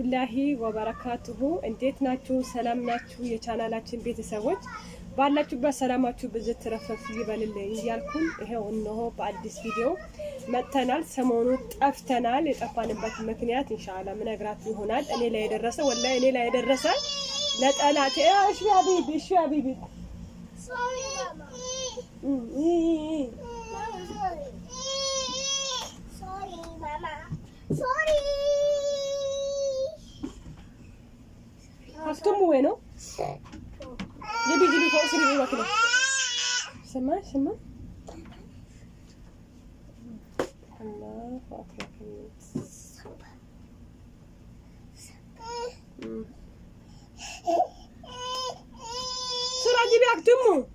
ወራህመቱላሂ ወበረካቱሁ እንዴት ናችሁ? ሰላም ናችሁ? የቻናላችን ቤተሰቦች ባላችሁበት ሰላማችሁ ብዙ ትረፈፍ ይበልልኝ እያልኩን ይሄው እነሆ በአዲስ ቪዲዮ መጥተናል። ሰሞኑ ጠፍተናል። የጠፋንበት ምክንያት እንሻላ ምነግራት ይሆናል። እኔ ላይ የደረሰ ወላሂ እኔ ላይ የደረሰ ለጠላት እሺ ሀቢቢ እሺ ሀቢቢ ሶሪ Hakkım mı bueno? Gibi gibi konuşur gibi bakın. Sema, sema. Allah akbar. Sıra gibi yaktın mı?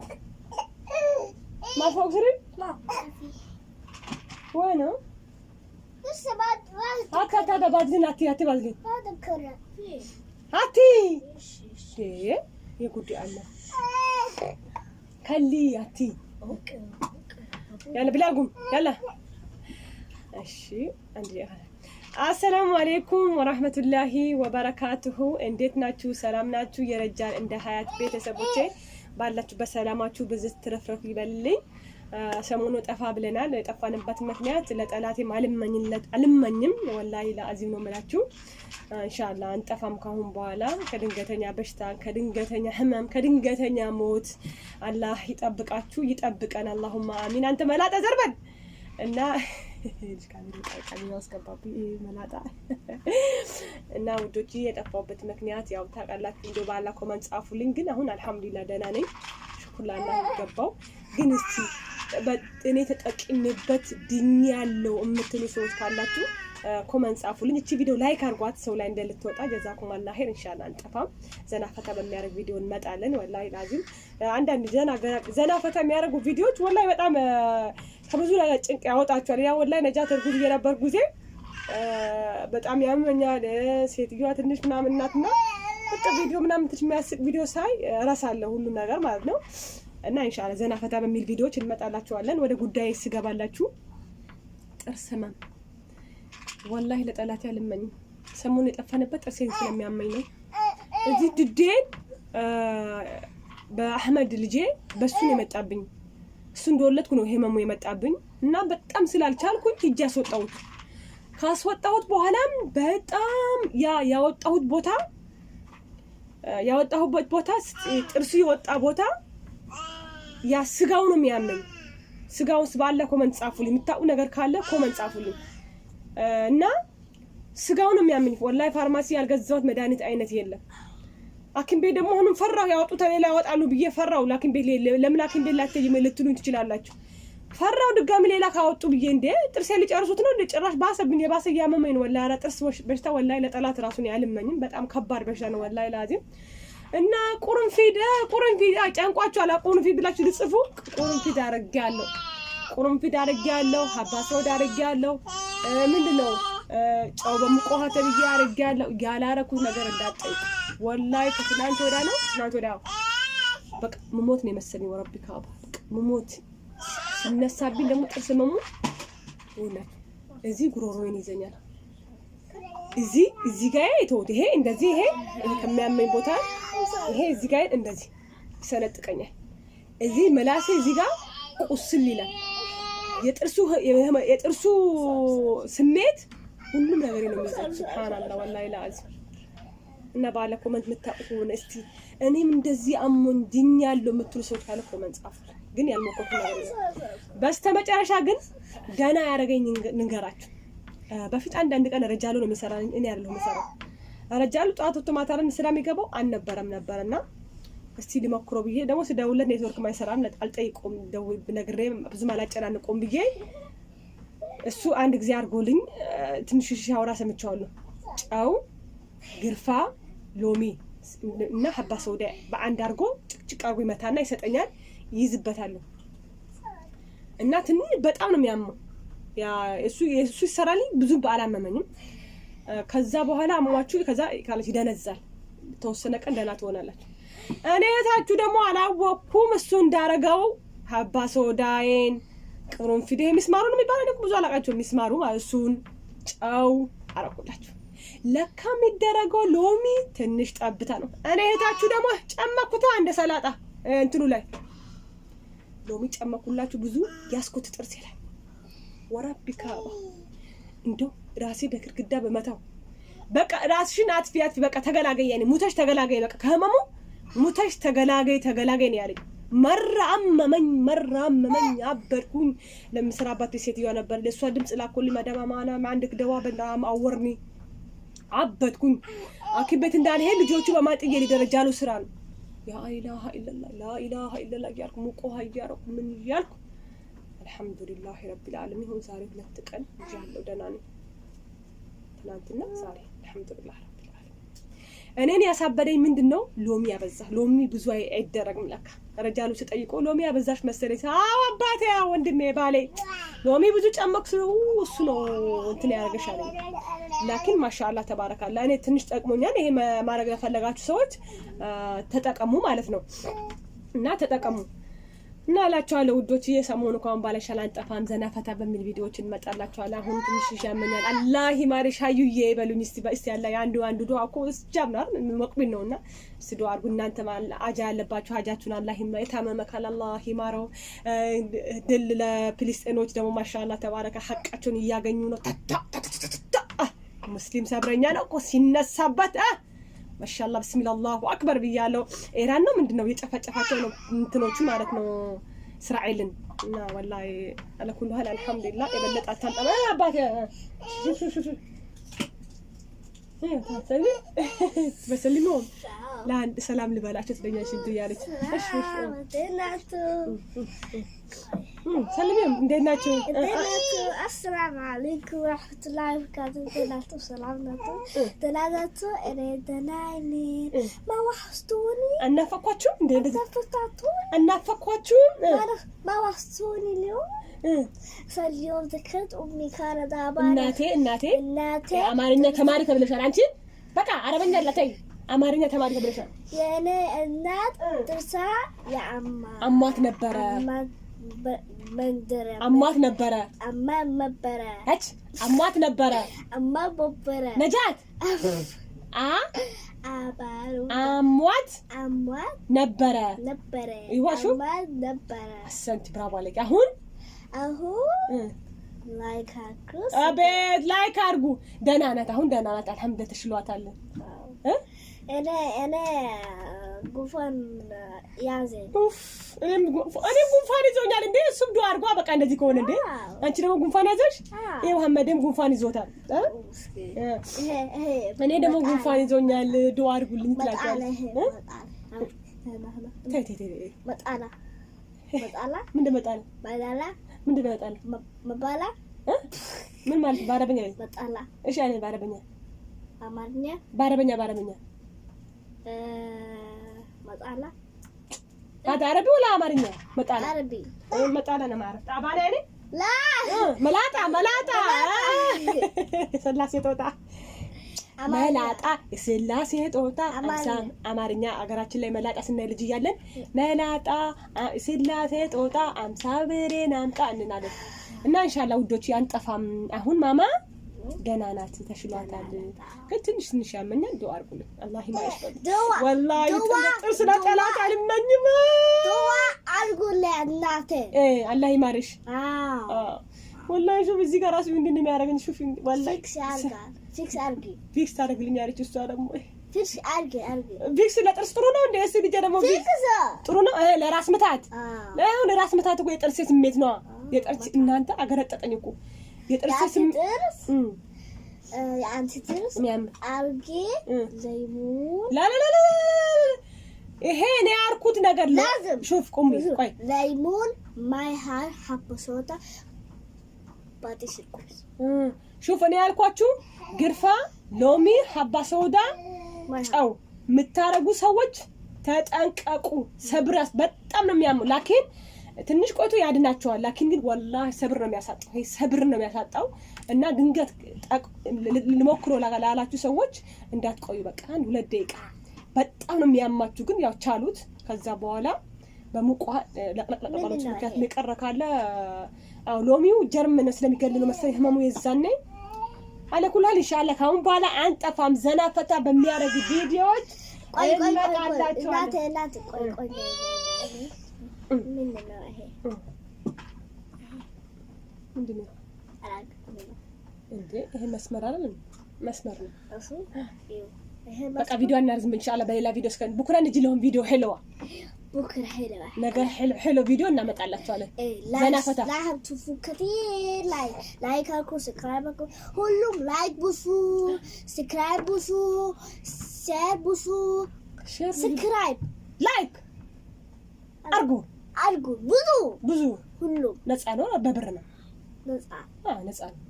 Ma Ma. Bu Bu sırrı? Bueno. Hakikaten de bazlin atı atı bazlin. Bazlin kırı. አቲ የጉድ አለ ከሊ አቲ ያለ ብላጉም ያለ እሺ አንድ አሰላሙ አሌይኩም ወራህመቱላሂ ወበረካትሁ እንዴት ናችሁ? ሰላም ናችሁ? የረጃን እንደ ሀያት ቤተሰቦቼ ባላችሁበት ሰላማችሁ ብዝት ትረፍረፍ ይበልልኝ። ሰሞኑ ጠፋ ብለናል። የጠፋንበት ምክንያት ለጠላቴ አልመኝም። ወላሂ ለአዚም ነው የምላችሁ። እንሻላ አንጠፋም ካሁን በኋላ ከድንገተኛ በሽታ፣ ከድንገተኛ ህመም፣ ከድንገተኛ ሞት አላህ ይጠብቃችሁ፣ ይጠብቀን። አላሁማ አሚን። አንተ መላጠ ዘርበን እና እና ውዶች የጠፋሁበት ምክንያት ያው ታውቃላችሁ። እንደ ባላ ኮመንት ጻፉልኝ። ግን አሁን አልሐምዱሊላ ደህና ነኝ። ሽኩላላ ይገባው ግን እስቲ እኔ ተጠቅሜበት ድኝ ያለው የምትሉ ሰዎች ካላችሁ ኮመንት ጻፉልኝ። እቺ ቪዲዮ ላይክ አድርጓት ሰው ላይ እንደልትወጣ ጀዛኩም አላ ሄር ኢንሻአላ አንጠፋም። ዘና ፈታ በሚያደርግ ቪዲዮ እንመጣለን። ወላሂ ላዚም አንዳንድ ዘና ዘና ፈታ የሚያደርጉ ቪዲዮዎች ወላሂ በጣም ከብዙ ነገር ጭንቅ ያወጣቸዋል። ያ ወላሂ ነጃት እርጉዝ እየነበር ጊዜ በጣም ያመኛል። ሴትዮዋ ትንሽ ምናምን ናትና ቪዲዮ ምናምን ትንሽ የሚያስቅ ቪዲዮ ሳይ እረሳለሁ ሁሉ ነገር ማለት ነው። እና ኢንሻአላ ዘና ፈታ በሚል ቪዲዮዎች እንመጣላችኋለን። ወደ ጉዳይ ስገባላችሁ ጥርስ ህመም ወላሂ ለጠላት ያልመኝ ሰሞኑን የጠፋንበት ጥርሴን ስለሚያመኝ ነው። እዚህ ድዴን በአህመድ ልጄ በሱን የመጣብኝ እሱ እንደወለድኩ ነው ህመሙ የመጣብኝ እና በጣም ስላልቻልኩኝ ሂጄ አስወጣሁት። ካስወጣሁት በኋላም በጣም ያ ያወጣሁት ቦታ ያወጣሁበት ቦታ ጥርሱ የወጣ ቦታ ያ ስጋው ነው የሚያመኝ። ስጋውስ ባለ ኮመንት ጻፉልኝ። የምታውቁ ነገር ካለ ኮመንት ጻፉልኝ እና ስጋው ነው የሚያመኝ። ወላሂ ፋርማሲ ያልገዛሁት መድኃኒት አይነት የለም። ሐኪም ቤት ደግሞ አሁንም ፈራሁ። ያወጡት ሌላ ያወጣሉ ብዬ ፈራሁ። ሐኪም ቤት ለምን ሐኪም ቤት ላትሄጂም ልትሉኝ ትችላላችሁ። ፈራሁ ድጋሚ ሌላ ካወጡ ብዬ እንዴ ጥርሴ ሊጨርሱት ነው እንዴ? ጭራሽ ባሰብኝ። የባሰ እያመመኝ ነው ወላሂ። ኧረ ጥርስ በሽታ ወላሂ ለጠላት ራሱን ያልመኝም። በጣም ከባድ በሽታ ነው ወላሂ ላዚም እና ቁርንፊድ ቁርንፊድ ጨንቋችኋል። ቁርንፊድ ብላችሁ ልጽፉ። ቁርንፊድ አድርጌያለሁ፣ ቁርንፊድ አድርጌያለሁ፣ ሀባሰወድ አድርጌያለሁ። ምንድን ነው ጨው በሙቆሃ ተብዬ አድርጌያለሁ። ያላረኩት ነገር እንዳጠይቅ ወላሂ ከትናንት ወዲያ ነው ትናንት ወዲያ በቃ ምሞት ነው የመሰለኝ። ወረቢ ካባ ምሞት ሲነሳብኝ ደግሞ ጥርስ መሞት እዚህ ጉሮሮዬን ይዘኛል። እዚህ እዚህ ጋ የተውት ይሄ እንደዚህ ይሄ ከሚያመኝ ቦታ ይሄ እዚህ ጋ እንደዚህ ይሰነጥቀኛል። እዚህ መላሴ እዚህ ጋ ቁስል ይላል። የጥርሱ የጥርሱ ስሜት ሁሉም ነገር ነው የሚያሳይ። ሱብሃንአላህ ወላሂ ለአዚ እና ባለ ኮመንት የምታውቁ እስቲ እኔም እንደዚህ አሞኝ ድኛለሁ የምትሉ ሰዎች ካለ ኮመንት ጻፉ። ግን ያልሞከርኩ ነገር በስተመጨረሻ ግን ደህና ያደረገኝ ንገራችሁ በፊት አንዳንድ ቀን ረጃሉ ነው የሚሰራ፣ እኔ አይደለሁ የምሰራው። ረጃሉ ጠዋት ወጥቶ ማታ ስራ የሚገባው አልነበረም ነበር እና እስቲ ሊሞክሮ ብዬ ደግሞ ስደውልለት ኔትወርክ ማይሰራም አልጠይቆም ደው ነግሬ ብዙም አላጨናንቆም ብዬ እሱ አንድ ጊዜ አድርጎልኝ ትንሽ ሻወራ ሰምቼዋለሁ። ጨው፣ ግርፋ፣ ሎሚ እና ሀባ ሰውዳ በአንድ አድርጎ ጭቅጭቅ አድርጎ ይመታና ይሰጠኛል። ይይዝበታለሁ እና ትን በጣም ነው የሚያመው እሱ ይሰራልኝ ብዙም አላመመኝም። ከዛ በኋላ አሟችሁ ከዛ ካለች ይደነዛል። ተወሰነ ቀን ደህና ትሆናላችሁ። እኔ እታችሁ ደግሞ አላወቅኩም እሱ እንዳረገው ሀባ ሶዳዬን ቅርንፉድ የሚስማሩ ነው የሚባለው ደግሞ ብዙ አላቃቸው የሚስማሩ እሱን ጨው አረቁላችሁ። ለካ የሚደረገው ሎሚ ትንሽ ጠብታ ነው። እኔ እህታችሁ ደግሞ ጨመኩታ እንደ ሰላጣ እንትኑ ላይ ሎሚ ጨመኩላችሁ። ብዙ ያስኮት ጥርስ ይላል ወረቢ ካባ እንደው ራሴ በግድግዳ በመታው በቃ ራስሽን አትፊ አትፊ በቃ ተገላገይ፣ ያኔ ሙተሽ ተገላገይ፣ በቃ ከህመሙ ሙተሽ ተገላገይ ተገላገይ ነው ያለኝ። መራ አመመኝ፣ መራ አመመኝ፣ አበድኩኝ። ለምሰራባት ሴትዮዋ ነበር ለእሷ ድምፅ ላኮልኝ። መደባ ማና ማንድክ ደዋ በንዳም አወርኒ አበድኩኝ። ሐኪም ቤት ይሄ ልጆቹ በማጥየ በማጥዬ ነው ስራ ነው ያ ኢላሃ ኢላላ ላ ኢላሃ ኢላላ እያልኩ ሙቆሃ እያረኩ ምን እያልኩ አልሐምዱሊላህ ረቢል ዓለሚን። ይሁን ዛሬ ሁለት ቀን ይዣለሁ፣ ደህና ነኝ። ትናንትና ዛሬ አልሐምዱሊላህ ረቢል ዓለሚን። እኔን ያሳበደኝ ምንድን ነው? ሎሚ ያበዛ። ሎሚ ብዙ አይደረግም ለካ። ረጃሉ ስጠይቀው ሎሚ ያበዛሽ መሰለኝ። አዎ አባቴ፣ ወንድሜ፣ ባሌ ሎሚ ብዙ ጨመቅስ፣ እሱ ነው እንትን ያደርገሻል። ላኪን ማሻአላ ተባረካላ። እኔ ትንሽ ጠቅሞኛል። ይሄ ማድረግ ለፈለጋችሁ ሰዎች ተጠቀሙ ማለት ነው እና ተጠቀሙ እና እላችኋለሁ ውዶች፣ የሰሞኑ ከአሁን ባለ ሻል አንጠፋም፣ ዘና ፈታ በሚል ቪዲዮዎች እንመጣላችኋለን። አሁን ትንሽ ይሻመኛል። አላህ ይማርሽ ሀዩዬ በሉኝ እስቲ በእስቲ ያለ አንዱ አንዱ ዱዓ እኮ እስጃብ ነው አይደል? መቅቢል ነውና እስቲ ዶ አድርጉ እናንተ አጃ ያለባችሁ ሀጃችሁን አላህ ይማ የታመመካል አላህ ማረው። ድል ለፍልስጤኖች ደግሞ ማሻላ ተባረከ፣ ሀቃቸውን እያገኙ ነው። ተታ ሙስሊም ሰብረኛ ነው እኮ ሲነሳበት ማሻላ ብስሚላ አላሁ አክበር ብያለው። ኢራን ነው ምንድን ነው የጨፈጨፋቸው ነው እንትኖቹ ማለት ነው እስራኤልን እና ወላ አለኩል ባህል አልሐምዱላ የበለጠ አታምጣም አባቴ በሰሊሞ ለአንድ ሰላም ልበላቸው ትለኛ ሽዱ እያለች ሰልሜም እንዴት ናችሁ? አሰላም አለይኩም ወራህመቱላሂ ወበረካቱ። ደህናችሁ? ሰላም ናችሁ? ደህና ናችሁ? እኔ ደህና ነኝ። ማዋስቱኒ አናፈኳችሁ? እንዴ ተፈታቱ አናፈኳችሁ? ማዋስቱኒ ነው ሰልዮም ዘከት ኡሚ ካረዳ ባሪ እናቴ እናቴ እናቴ አማርኛ ተማሪ ተብለሻል አንቺ። በቃ አረበኛ አላታይ አማርኛ ተማሪ ተብለሻል። የእኔ እናት ጥርሳ የአማ አሟት ነበረ አሟት ነበረ አሟት ነበረ ነጃት አ አሟት ነበረ አሰንት ብራቮ አለቂ አሁን አቤት ላይክ አድርጉ ደህና ናት አሁን ደህና ናት አልሐምዱሊላህ ተሽሏታል እኔ ጉንፋን ያዘኝ። እኔም ጉንፋን ይዞኛል እንዴ! እሱም ዱአ አድርጎ በቃ እንደዚህ ከሆነ እንዴ! አንቺ ደግሞ ጉንፋን ያዘሽ? ይሄ መሐመድም ጉንፋን ይዞታል። እኔ ደግሞ ጉንፋን ይዞኛል፣ ዱአ አድርጉልኝ ትላቸዋለሽ። ምን ማለት በአረበኛ? መጣላ እሺ፣ አማርኛ፣ በአረበኛ በአረበኛ መጣላ አዳረቢ ወላ አማርኛ መጣላ አረቢ ወይ መጣላ ነው ማለት አባላ አይደል ላ መላጣ መላጣ ስላሴ ጦጣ መላጣ ስላሴ ጦጣ አማርኛ አገራችን ላይ መላጣ ስናይ ልጅ እያለን መላጣ ስላሴ ጦጣ አምሳ ብሬን አምጣ እንላለን እና ኢንሻአላህ ውዶች አንጠፋም አሁን ማማ ገና ናት፣ ተሽሏታል። ከትንሽ ትንሽ ያመኛል። ዱአ አርጉልኝ። አላህ ይማርሽ። ወላሂ ጥርስ ለጠላት አልመኝም። ዱአ አድርጉልኝ እናቴ። አላህ ይማርሽ። ወላሂ ሹፍ፣ እዚህ ጋር ራሱ ምንድን ነው የሚያደርገኝ? ሹፍ፣ ወላሂ ፊክስ አድርጊ፣ ፊክስ ታደርግልኝ አለች እሷ ደግሞ ቪክስ ለጥርስ ጥሩ ነው እንዴ? እስኪ ልጄ ደግሞ ጥሩ ነው ለራስ ምታት፣ ለራስ ምታት እኮ የጥርስ ስሜት ነው። የጥርስ እናንተ አገረጠጠኝ እኮ የጥርስ ይሄ እኔ ያልኩት ነገር ላዝም ሹፍ ማይ ሃር ሀብሶታ ሹፍ እኔ ያልኳችሁ ግርፋ፣ ሎሚ፣ ሀባ ሶዳ፣ ጨው የምታረጉ ሰዎች ተጠንቀቁ። ሰብረስ በጣም ነው የሚያሙ ላኪን ትንሽ ቆይቶ ያድናቸዋል። ላኪን ግን ወላ ሰብር ነው የሚያሳጣው፣ ይሄ ሰብር ነው የሚያሳጣው። እና ድንገት ልሞክሮ ላላችሁ ሰዎች እንዳትቆዩ፣ በቃ አንድ ሁለት ደቂቃ በጣም ነው የሚያማችሁ። ግን ያው ቻሉት። ከዛ በኋላ በሙቋ ለቅለቅለቅለች ምክንያት የቀረ ካለ ሎሚው ጀርም ነው ስለሚገልለው መሰለኝ ህመሙ የዛኔ አለኩላል ኢንሻአላህ፣ ካሁን በኋላ አንጠፋም። ዘና ፈታ በሚያደርግ ቪዲዮዎች ቆይ ቆይ ቆይ ቆይ ቆይ ምን ነው ይሄ? ምንድን ነው እንዴ? መስመር አይደለም፣ መስመር ነው። በቃ ቪዲዮ እናርዝም ኢንሻአላህ። በሌላ ቪዲዮ እስከ ቡክራ እንጂ ለሁን ቪዲዮ ሄለዋ ቡክራ ሄለዋ ነገር ሄሎ ሄሎ ቪዲዮ እናመጣላችኋለን። ዘና ፈታ ላይክ ቱፉ ከቲር ላይክ ላይክ አልኩ ሰብስክራይብ አልኩ ሁሉም ላይክ ቡሱ ሰብስክራይብ ቡሱ ሼር ቡሱ ሰብስክራይብ ላይክ አርጉ አልጉ ብዙ ብዙ ሁሉም ነፃ ነው። በብር ነው ነፃ ነፃ ነው።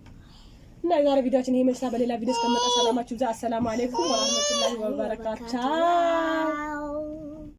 እና የዛሬ ቪዲዮችን ይሄ ይመስላል። በሌላ ቪዲዮ እስከምንመጣ ሰላማችሁ ይብዛ። አሰላሙ አለይኩም ወራህመቱላሂ ወበረካቱ።